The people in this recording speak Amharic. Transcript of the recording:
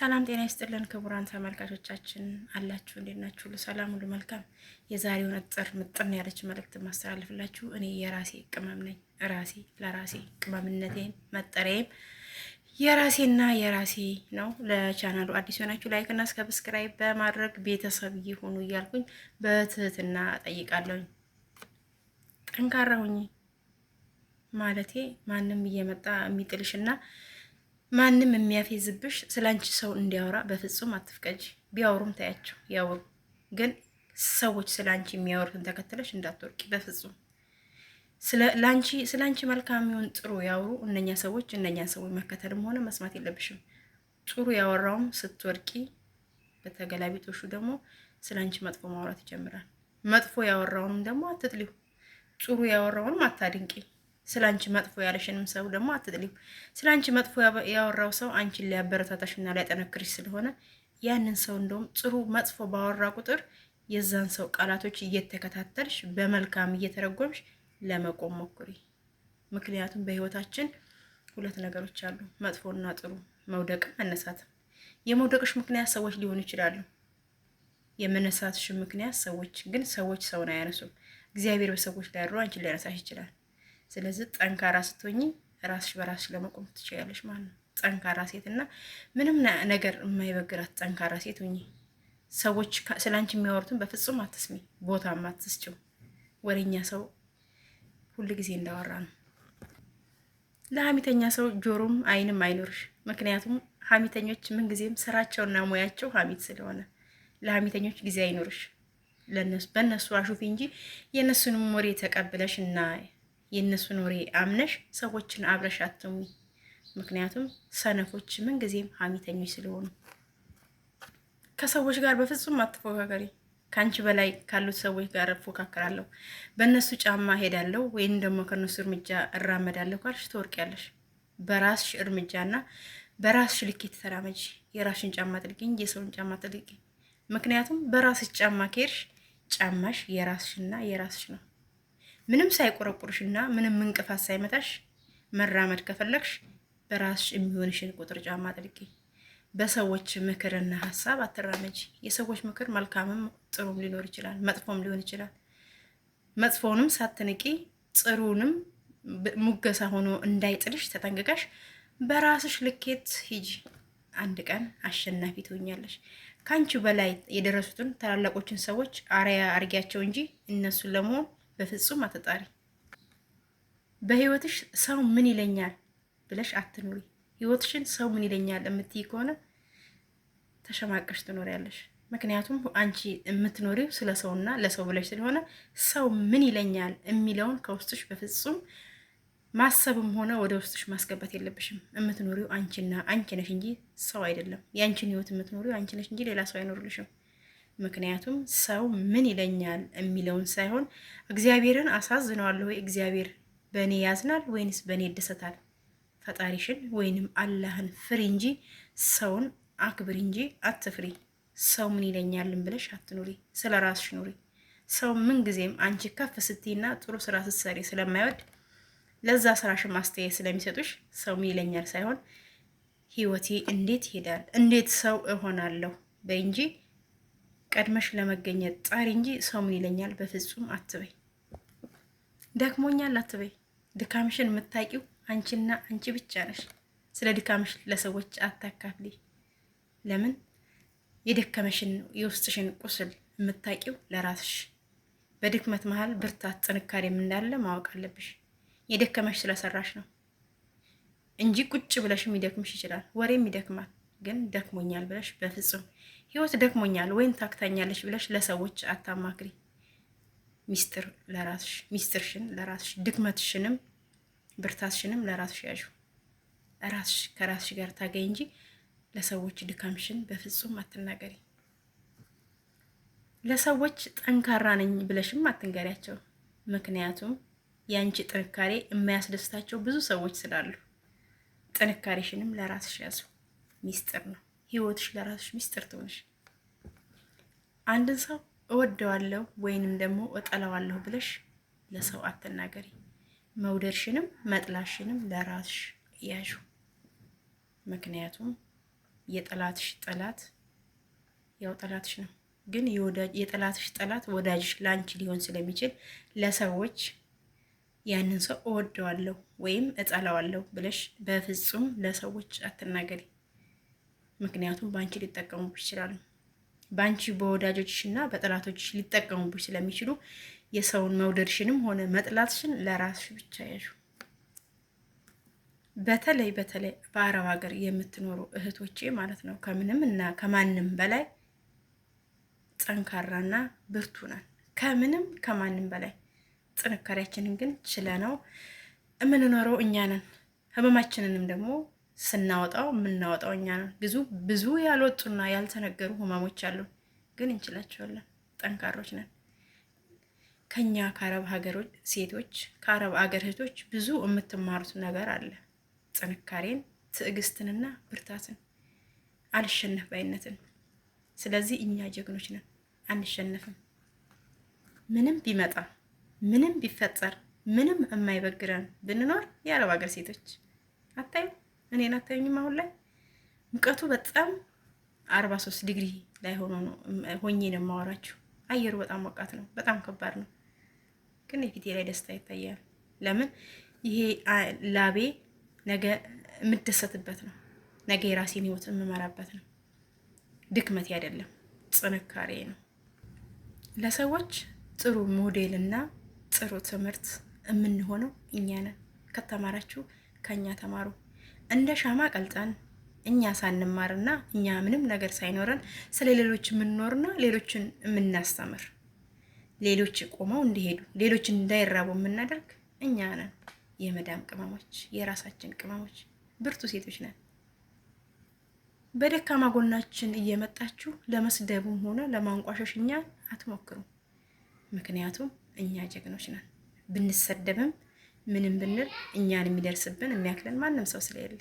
ሰላም ጤና ይስጥልን ክቡራን ተመልካቾቻችን አላችሁ፣ እንዴት ናችሁ? ሁሉ ሰላም፣ ሁሉ መልካም። የዛሬውን እጥር ምጥን ያለች መልእክት ማስተላለፍላችሁ እኔ የራሴ ቅመም ነኝ። ራሴ ለራሴ ቅመምነቴም መጠሪያዬም የራሴና የራሴ ነው። ለቻናሉ አዲስ የሆናችሁ እና ሰብስክራይብ በማድረግ ቤተሰብ ይሁኑ እያልኩኝ በትህትና ጠይቃለሁኝ። ጠንካራ ሁኚ ማለቴ ማንም እየመጣ የሚጥልሽና ማንም የሚያፌዝብሽ ስለ ሰው እንዲያወራ በፍጹም አትፍቀጂ። ቢያወሩም ታያቸው ያወሩ፣ ግን ሰዎች ስለ አንቺ የሚያወሩትን ተከትለሽ እንዳትወርቂ በፍጹም። ስለ አንቺ መልካም ይሁን ጥሩ ያወሩ እነኛ ሰዎች እነኛ ሰዎች መከተልም ሆነ መስማት የለብሽም። ጥሩ ያወራውም ስትወርቂ፣ በተገላቢጦሹ ደግሞ ስለ አንቺ መጥፎ ማውራት ይጀምራል። መጥፎ ያወራውንም ደግሞ አትጥሊው፣ ጥሩ ያወራውንም አታድንቂ። ስለ አንቺ መጥፎ ያለሽንም ሰው ደግሞ አትጥሊም። ስለ አንቺ መጥፎ ያወራው ሰው አንቺን ሊያበረታታሽና ሊያጠነክርሽ ስለሆነ ያንን ሰው እንደውም ጥሩ መጥፎ ባወራ ቁጥር የዛን ሰው ቃላቶች እየተከታተልሽ በመልካም እየተረጎምሽ ለመቆም ሞክሪ። ምክንያቱም በህይወታችን ሁለት ነገሮች አሉ፣ መጥፎና ጥሩ፣ መውደቅም መነሳትም። የመውደቅሽ ምክንያት ሰዎች ሊሆኑ ይችላሉ። የመነሳትሽ ምክንያት ሰዎች ግን ሰዎች ሰውን አያነሱም። እግዚአብሔር በሰዎች ላይ አድሮ አንቺን ሊያነሳሽ ይችላል። ስለዚህ ጠንካራ ስትሆኝ ራስሽ በራስሽ ለመቆም ትችያለሽ ማለት ነው። ጠንካራ ሴት እና ምንም ነገር የማይበግራት ጠንካራ ሴት ሁኚ። ሰዎች ስለ አንቺ የሚያወሩትን በፍጹም አትስሚ፣ ቦታም አትስጭው። ወሬኛ ሰው ሁል ጊዜ እንዳወራ ነው። ለሀሚተኛ ሰው ጆሮም አይንም አይኖርሽ። ምክንያቱም ሀሚተኞች ምንጊዜም ስራቸውና ሙያቸው ሀሚት ስለሆነ ለሀሚተኞች ጊዜ አይኖርሽ። በእነሱ አሹፊ እንጂ የእነሱንም ወሬ ተቀብለሽ እና የእነሱን ወሬ አምነሽ ሰዎችን አብረሽ አትሙ። ምክንያቱም ሰነፎች ምንጊዜም ሀሚተኞች ስለሆኑ ከሰዎች ጋር በፍጹም አትፎካከሪ። ከአንቺ በላይ ካሉት ሰዎች ጋር እፎካከራለሁ፣ በእነሱ ጫማ ሄዳለሁ ወይም ደግሞ ከእነሱ እርምጃ እራመዳለሁ ካልሽ ትወርቂያለሽ። በራስሽ እርምጃና በራስሽ ልኬት ተራመጂ። የራስሽን ጫማ ጥልቂ እንጂ የሰውን ጫማ ጥልቂ። ምክንያቱም በራስሽ ጫማ ከሄድሽ ጫማሽ የራስሽና የራስሽ ነው። ምንም ሳይቆረቁርሽ እና ምንም እንቅፋት ሳይመታሽ መራመድ ከፈለግሽ በራስሽ የሚሆንሽን ቁጥር ጫማ አጥልቂ። በሰዎች ምክርና ሀሳብ አትራመጂ። የሰዎች ምክር መልካምም ጥሩም ሊኖር ይችላል፣ መጥፎም ሊሆን ይችላል። መጥፎንም ሳትንቂ ጥሩንም ሙገሳ ሆኖ እንዳይጥልሽ ተጠንቅቀሽ በራስሽ ልኬት ሂጂ። አንድ ቀን አሸናፊ ትሆኛለሽ። ከአንቺ በላይ የደረሱትን ታላላቆችን ሰዎች አርያ አርጊያቸው እንጂ እነሱን ለመሆን በፍጹም አትጣሪ። በህይወትሽ ሰው ምን ይለኛል ብለሽ አትኑሪ። ህይወትሽን ሰው ምን ይለኛል የምትይ ከሆነ ተሸማቀሽ ትኖሪያለሽ። ምክንያቱም አንቺ የምትኖሪው ስለ ሰውና ለሰው ብለሽ ስለሆነ ሰው ምን ይለኛል የሚለውን ከውስጥሽ በፍጹም ማሰብም ሆነ ወደ ውስጥሽ ማስገባት የለብሽም። የምትኖሪው አንቺና አንቺ ነሽ እንጂ ሰው አይደለም። የአንቺን ህይወት የምትኖሪው አንቺ ነሽ እንጂ ሌላ ሰው አይኖርልሽም። ምክንያቱም ሰው ምን ይለኛል የሚለውን ሳይሆን እግዚአብሔርን አሳዝነዋለሁ ወይ እግዚአብሔር በእኔ ያዝናል ወይንስ በእኔ ይደሰታል? ፈጣሪሽን ወይንም አላህን ፍሪ እንጂ ሰውን አክብሪ እንጂ አትፍሪ። ሰው ምን ይለኛልን ብለሽ አትኑሪ፣ ስለ ራስሽ ኑሪ። ሰው ምን ጊዜም አንቺ ከፍ ስትይና ጥሩ ስራ ስትሰሪ ስለማይወድ ለዛ ስራሽ ማስተያየት ስለሚሰጡሽ ሰው ምን ይለኛል ሳይሆን ህይወቴ እንዴት ይሄዳል እንዴት ሰው እሆናለሁ በይ እንጂ ቀድመሽ ለመገኘት ጣሪ እንጂ ሰው ምን ይለኛል በፍጹም አትበይ። ደክሞኛል አትበይ። ድካምሽን የምታውቂው አንቺና አንቺ ብቻ ነሽ። ስለ ድካምሽ ለሰዎች አታካፍሊ። ለምን የደከመሽን የውስጥሽን ቁስል የምታውቂው ለራስሽ። በድክመት መሀል ብርታት ጥንካሬም እንዳለ ማወቅ አለብሽ። የደከመሽ ስለሰራሽ ነው እንጂ ቁጭ ብለሽም ይደክምሽ ይችላል፣ ወሬም ይደክማል። ግን ደክሞኛል ብለሽ በፍጹም ህይወት ደክሞኛል ወይም ታክታኛለች ብለሽ ለሰዎች አታማክሪ። ሚስጥር ለራስሽ ሚስጥርሽን ለራስሽ ድክመትሽንም ብርታትሽንም ለራስሽ ያዥ። ራስሽ ከራስሽ ጋር ታገኝ እንጂ ለሰዎች ድካምሽን በፍጹም አትናገሪ። ለሰዎች ጠንካራ ነኝ ብለሽም አትንገሪያቸው። ምክንያቱም የአንቺ ጥንካሬ የማያስደስታቸው ብዙ ሰዎች ስላሉ፣ ጥንካሬሽንም ለራስሽ ያዙ። ሚስጥር ነው። ህይወትሽ ለራስሽ ሚስጥር ትሆንሽ። አንድን ሰው እወደዋለሁ ወይንም ደግሞ እጠላዋለሁ ብለሽ ለሰው አትናገሪ። መውደድሽንም መጥላሽንም ለራስሽ ያዥ። ምክንያቱም የጠላትሽ ጠላት ያው ጠላትሽ ነው፣ ግን የጠላትሽ ጠላት ወዳጅሽ ለአንቺ ሊሆን ስለሚችል ለሰዎች ያንን ሰው እወደዋለሁ ወይም እጠላዋለሁ ብለሽ በፍጹም ለሰዎች አትናገሪ። ምክንያቱም በአንቺ ሊጠቀሙብሽ ይችላሉ። በአንቺ በወዳጆችሽ እና በጠላቶችሽ ሊጠቀሙብሽ ስለሚችሉ የሰውን መውደድሽንም ሆነ መጥላትሽን ለራስሽ ብቻ ያዥ። በተለይ በተለይ በአረብ ሀገር የምትኖሩ እህቶቼ ማለት ነው ከምንም እና ከማንም በላይ ጠንካራና ብርቱ ነን። ከምንም ከማንም በላይ ጥንካሬያችንን ግን ችለነው የምንኖረው እኛ ነን። ህመማችንንም ደግሞ ስናወጣው የምናወጣው እኛ ነው። ብዙ ብዙ ያልወጡና ያልተነገሩ ህመሞች አሉ፣ ግን እንችላቸዋለን። ጠንካሮች ነን። ከኛ ከአረብ ሀገሮች ሴቶች ከአረብ ሀገር እህቶች ብዙ የምትማሩት ነገር አለ። ጥንካሬን፣ ትዕግስትንና ብርታትን፣ አልሸነፍ ባይነትን። ስለዚህ እኛ ጀግኖች ነን፣ አንሸነፍም። ምንም ቢመጣ ምንም ቢፈጠር ምንም የማይበግረን ብንኖር የአረብ ሀገር ሴቶች አታዩ እኔን አታዩኝም። አሁን ላይ ሙቀቱ በጣም አርባ ሶስት ዲግሪ ላይ ሆኖ ነው ሆኜ ነው የማወራችሁ። አየሩ በጣም ሞቃት ነው፣ በጣም ከባድ ነው። ግን የፊቴ ላይ ደስታ ይታያል። ለምን ይሄ ላቤ ነገ የምደሰትበት ነው። ነገ የራሴን ህይወት የምመራበት ነው። ድክመቴ አይደለም፣ ጥንካሬ ነው። ለሰዎች ጥሩ ሞዴል እና ጥሩ ትምህርት የምንሆነው እኛ ነን። ከተማራችሁ ከእኛ ተማሩ። እንደ ሻማ ቀልጠን እኛ ሳንማርና እኛ ምንም ነገር ሳይኖረን ስለ ሌሎች የምንኖርና ሌሎችን የምናስተምር ሌሎች ቆመው እንዲሄዱ ሌሎች እንዳይራቡ የምናደርግ እኛ ነን። የመዳም ቅመሞች፣ የራሳችን ቅመሞች ብርቱ ሴቶች ነን። በደካማ ጎናችን እየመጣችሁ ለመስደቡም ሆነ ለማንቋሸሽ እኛን አትሞክሩ። ምክንያቱም እኛ ጀግኖች ነን ብንሰደብም ምንም ብንል እኛን የሚደርስብን የሚያክለን ማንም ሰው ስለሌለ